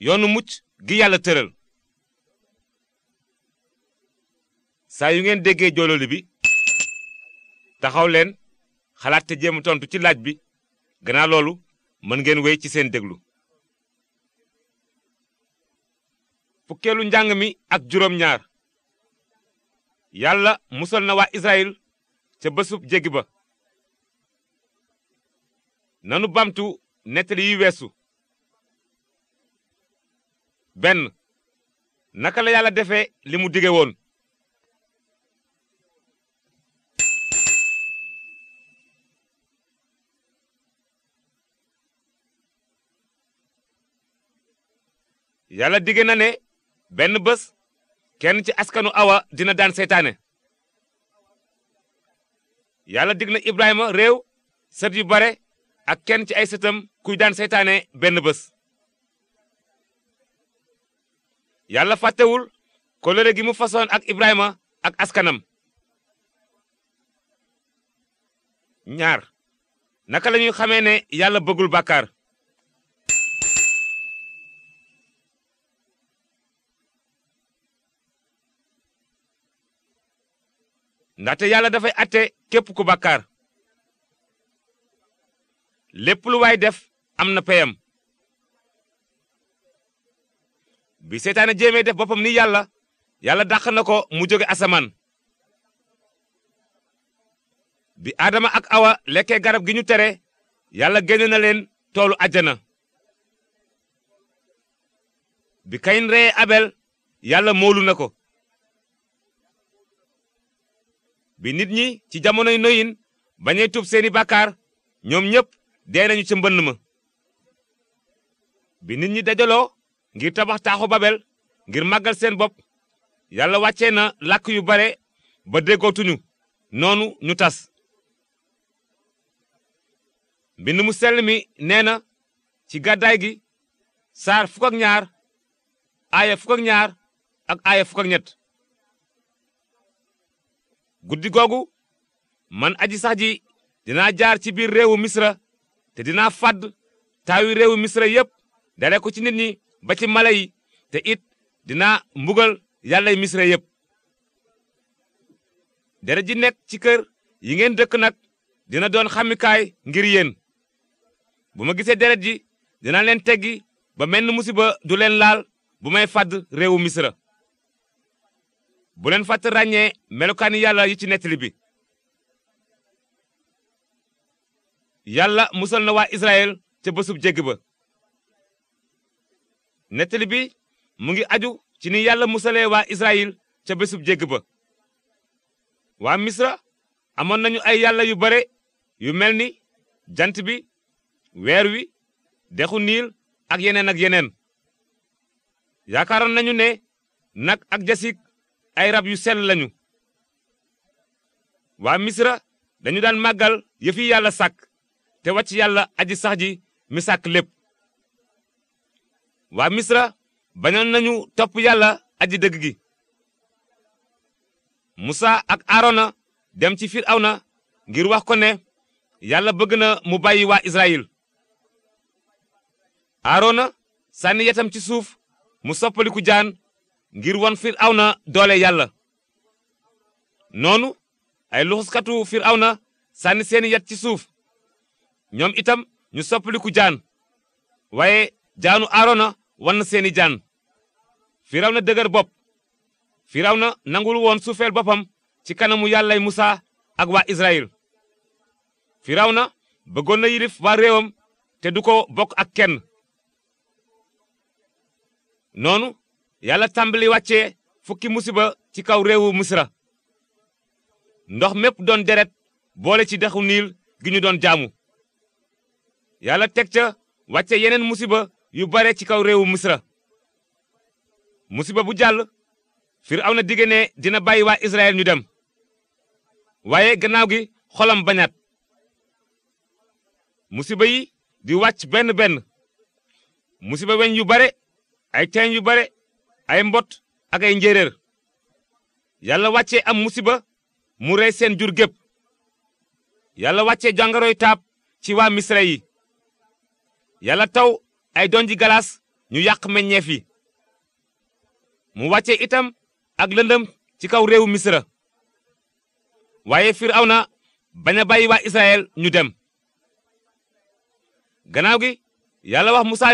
yoonu mucc gi yàlla tëral saa yu ngeen déggee joololi bi taxaw leen xalaat te jéem tontu ci laaj bi gannaaw loolu mën ngeen wéy ci seen déglu fukkeelu njàng mi ak juróom ñaar yàlla musal na waa Israël ca bësub jéggi ba nanu bamtu nettali yi weesu benn naka la yàlla defe li mu dige woon yàlla dige na ne benn bés kenn ci askanu awa dina daan seytaane yàlla digg na ibrahima réew sët yu bare ak kenn ci ay sëtam kuy daan seytaane benn bés yàlla fàttewul kóllëre gi mu fasoon ak Ibrahima ak askanam. ñaar naka la ñuy xamee ne yàlla bëggul bàkkaar. ndaxte yàlla dafay atte képp ku bàkkaar. lépp lu waay def am na peyam. bi seytaane jéemee def boppam ni yàlla yàlla dàq na ko mu jóge asamaan bi aadama ak awa lekkee garab gi ñu tere yàlla génne na leen toolu àjjana bi kayin reyee abel yàlla moolu na ko bi nit ñi ci jamonoy noyin bañee tuub seeni bàkkaar ñoom ñépp dee nañu ci bi nit ñi dajaloo ngir tabax taaxu babel ngir màggal seen bopp yàlla wàccee na làkk yu bare ba déggootuñu noonu ñu tas mbind mu sell mi nee na ci gàddaay gi saar fukk ak ñaar aaya fukk ak ñaar ak aaya fukk ak guddi googu man aji sax ji dinaa jaar ci biir réewu misra te dinaa fàdd taawi réewu misra yépp dale ko ñi ba ci mala yi te it dinaa mbugal yàllay misra yépp deret ji nekk ci kër yi ngeen dëkk nag dina doon xamikaay ngir yéen bu ma gisee deret ji dinaa leen teggi ba menn musiba du leen laal bu may fàdd réew misra bu leen fàtt ràññee melokaani yàlla yi ci nettali bi yàlla musal na waa israel ca bésub jégg nettali bi mu ngi aju ci ni yàlla musalee waa Israyil ca bésub jégg ba waa Misra amoon nañu ay yàlla yu bare yu mel ni jant bi weer wi dexu niil ak yeneen ak yeneen yaakaaroon nañu ne nag ak jasik ay rab yu sell lañu waa Misra dañu daan màggal yëfi yàlla sàkk te wàcc yàlla aji sax ji mi sàkk lépp waa misra bañoon nañu topp yàlla aji dëgg gi musa ak aarona dem ci firawna ngir wax ko ne yàlla bëgg na mu bàyyi waa israyil aarona sànni yetam ci suuf mu soppaliku jaan ngir won firawna doole yàlla noonu ay luxuskatu firawna sànni seeni yet ci suuf ñoom itam ñu soppaliku jaan waaye jaanu aarona wan na seeni jaan firaw na dëgër bopp firaw na nangul woon suufeel boppam ci kanamu yàllay musa ak waa israyil firaw na bëggoon na yilif waa réewam te du ko bokk ak kenn noonu yàlla tàmbali wàcce fukki musiba ci kaw réewu misra ndox mépp doon deret boole ci dexu niil gi ñu doon jaamu yàlla teg ca wàcce yeneen musiba yu bare ci kaw réewu misra musiba bu jàll Firawna na ne dina bàyyi waa Israël ñu dem waaye gannaaw gi xolam bañaat musiba yi di wàcc benn benn musiba weñ yu bare ay teen yu bare ay mbot ak ay njéeréer yàlla wàccee am musiba mu rey seen jur gépp yàlla wàccee jàngoroy taab ci waa misra yi yàlla taw ay donji galas ñu yàq meññeef yi mu wàcce itam ak lëndëm ci kaw réew misra waaye firawna bañ a bàyyi israel ñu dem gannaaw gi yàlla wax musa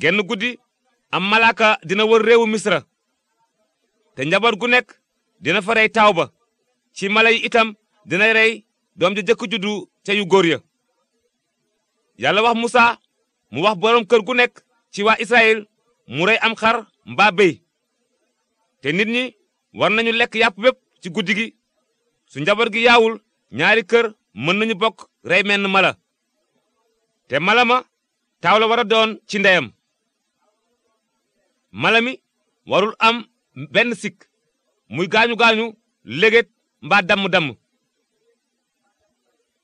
genn guddi am malaaka dina wër réewu misra te njaboot gu nekk dina fa rey taaw ba ci mala yi itam dina rey doom ja jëkk juddu ca yu góor ya yàlla wax musa mu wax boroom kër gu nekk ci waa Israyil mu rey am xar mbaa béy te nit ñi war nañu lekk yàpp bépp ci guddi gi su njaboot gi yaawul ñaari kër mën nañu bokk rey menn mala te mala ma taaw la war a doon ci ndeyam mala mi warul am benn sikk muy gaañu-gaañu léget mbaa damm-damm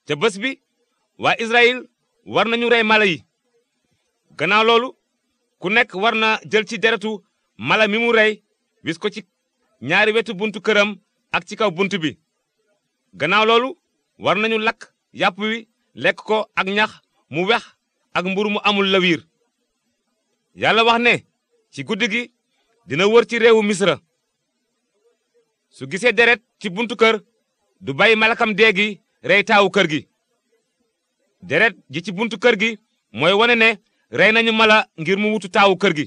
te bés bi waa Israyil war nañu rey mala yi gannaaw loolu ku nekk war na jël ci deretu mala mi mu rey wis ko ci ñaari wetu buntu këram ak ci kaw bunt bi gannaaw loolu war nañu lakk yàpp wi lekk ko ak ñax mu wex ak mburu mu amul lawiir yàlla wax ne ci guddi gi dina wër ci réewu misra su gisee deret ci buntu kër du bay malakam dee gi rey taawu kër gi deret ji ci buntu kër gi mooy wane ne rey nañu mala ngir mu wutu taawu kër gi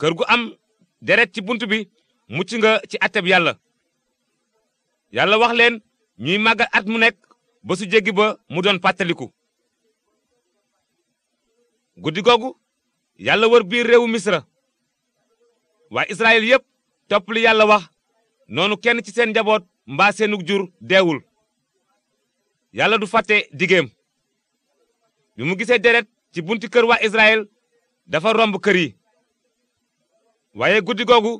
kër gu am deret ci bunt bi mucc nga ci ateb yàlla yàlla wax leen ñuy màggal at mu nekk ba su jéggi ba mu doon pàttaliku guddi googu yàlla wër biir réewu misra waa israyil yépp topp yàlla wax noonu kenn ci seen njaboot mba seenug jur deewul yàlla du fate digeem bi mu gisee deret ci bunt kër waa Israël dafa romb kër yi waaye guddi googu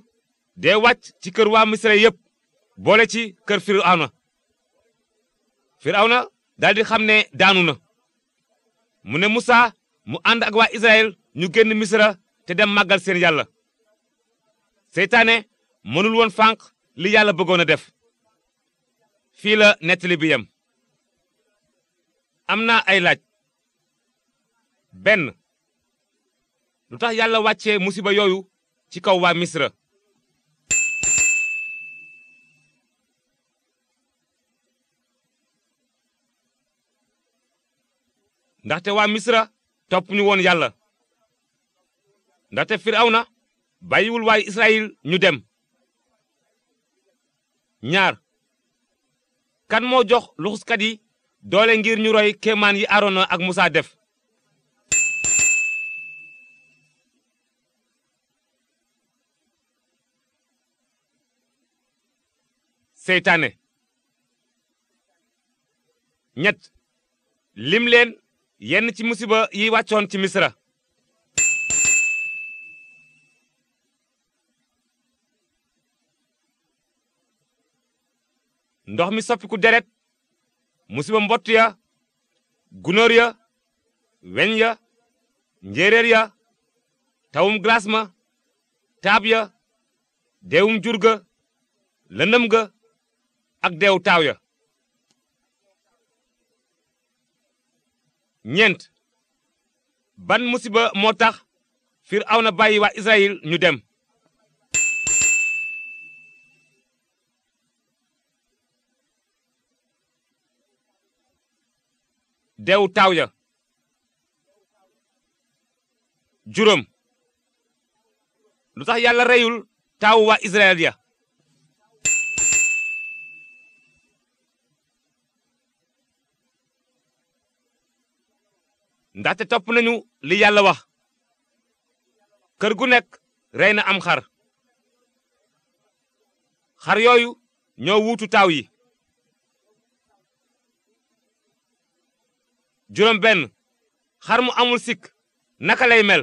dee wàcc ci kër waa Misra yépp boole ci kër Firawna Firawna daldi xam ne daanu na mu ne Musaa mu ànd ak waa Israël ñu génn Misra te dem màggal seen yàlla seytaane mënul woon fànq li yàlla bëggoon a def fii la nettali bi yem am na ay laaj benn lu tax yàlla wàccee musiba yooyu ci kaw waa misra ndaxte waa misra topp ñu woon yàlla te firawna bàyyiwul waay israyil ñu dem ñaar kan moo jox luxuskat yi doole ngir ñu roy kéemaan yi aarona ak musa def seytaane ñett lim leen yenn ci musiba yi wàccoon ci misra ndox mi soppiku deret musiba mbott ya gunóor ya weñ ya njéeréer ya tawum glaas ma taab ya deewum jur ga lëndëm ga ak deew taaw ya ñeent ban musiba moo tax Firawna bàyyi wa Israyil ñu dem deew taaw ya juróom lu tax yàlla reyul taawu waa Israyil ya ndaxte topp nañu li yàlla wax kër gu nekk rey na am xar xar yooyu ñoo wuutu taaw yi juróom benn xar mu amul sikk naka lay mel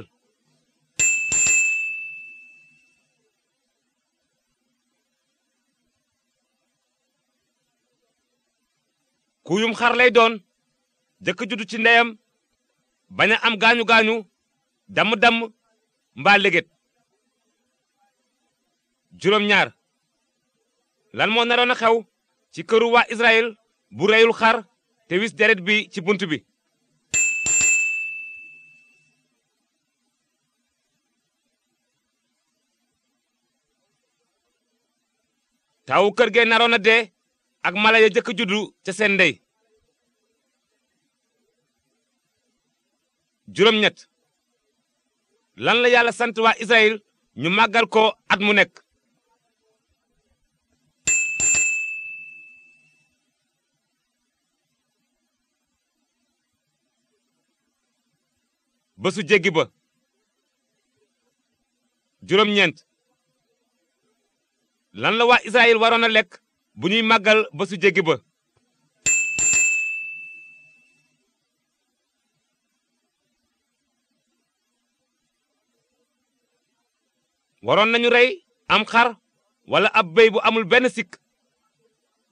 kuyum xar lay doon jëkk juddu ci ndeyam bañ a am gaañu gaañu damm-damm mbaa léget juróom ñaar lan moo naroon a xew ci këru waa Israël bu reyul xar te wis deret bi ci bunt bi taawu kër gee naroon a dee ak mala ya jëkk juddu ca seen ndey juróom-ñett lan la yàlla sant waa Israël ñu màggal ko at mu nekk. bésu jéggi ba. juróom-ñeent lan la waa Israël waroon a lekk bu ñuy màggal bésu jéggi ba. waroon nañu rey am xar wala ab béy bu amul benn sikk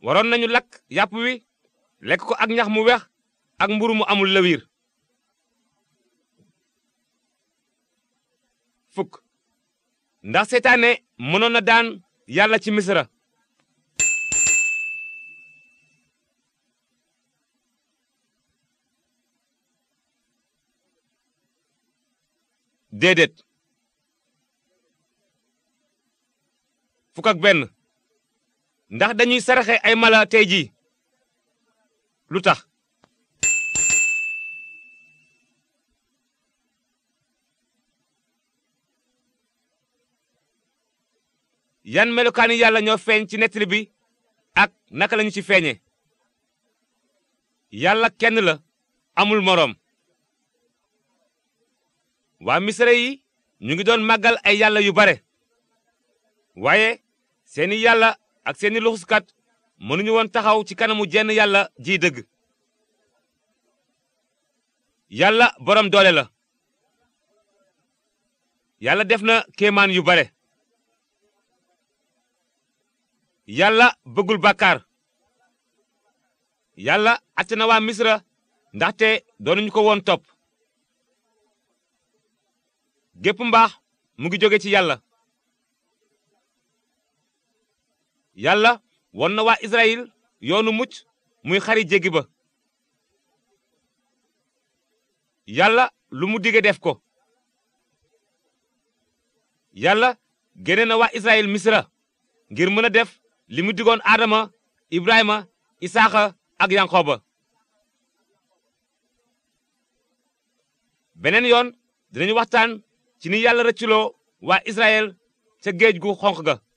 waroon nañu lakk yàpp wi lekk ko ak ñax mu weex ak mburu mu amul lëwiir fukk ndax seetaane mënoon na daan yàlla ci misira déedéet fukk benn ndax dañuy saraxe ay mala tey jii lu tax yan melokaani yàlla ñoo feeñ ci nettali bi ak naka lañu ci feeñe yàlla kenn la amul moroom waa misra ñu ngi doon màggal ay yàlla yu bare waaye seeni yàlla ak seeni luxuskat mënuñu woon taxaw ci kanamu jenn yàlla ji dëgg yàlla borom doole la yàlla def na kéemaan yu bare yàlla bëggul bàkkaar yàlla atte na waa misira ndaxte doonuñu ko woon topp gépp mbaax mu ngi jóge ci yàlla yàlla won na waa Israël yoonu mucc muy xari jéggi ba yàlla lu mu dige def ko yàlla génne na waa Israël misra ngir mën a def li mu digoon aadama ibrahima isaaxa ak yanqooba beneen yoon dinañu waxtaan ci ni yàlla rëcculoo waa Israël ca géej gu xonq ga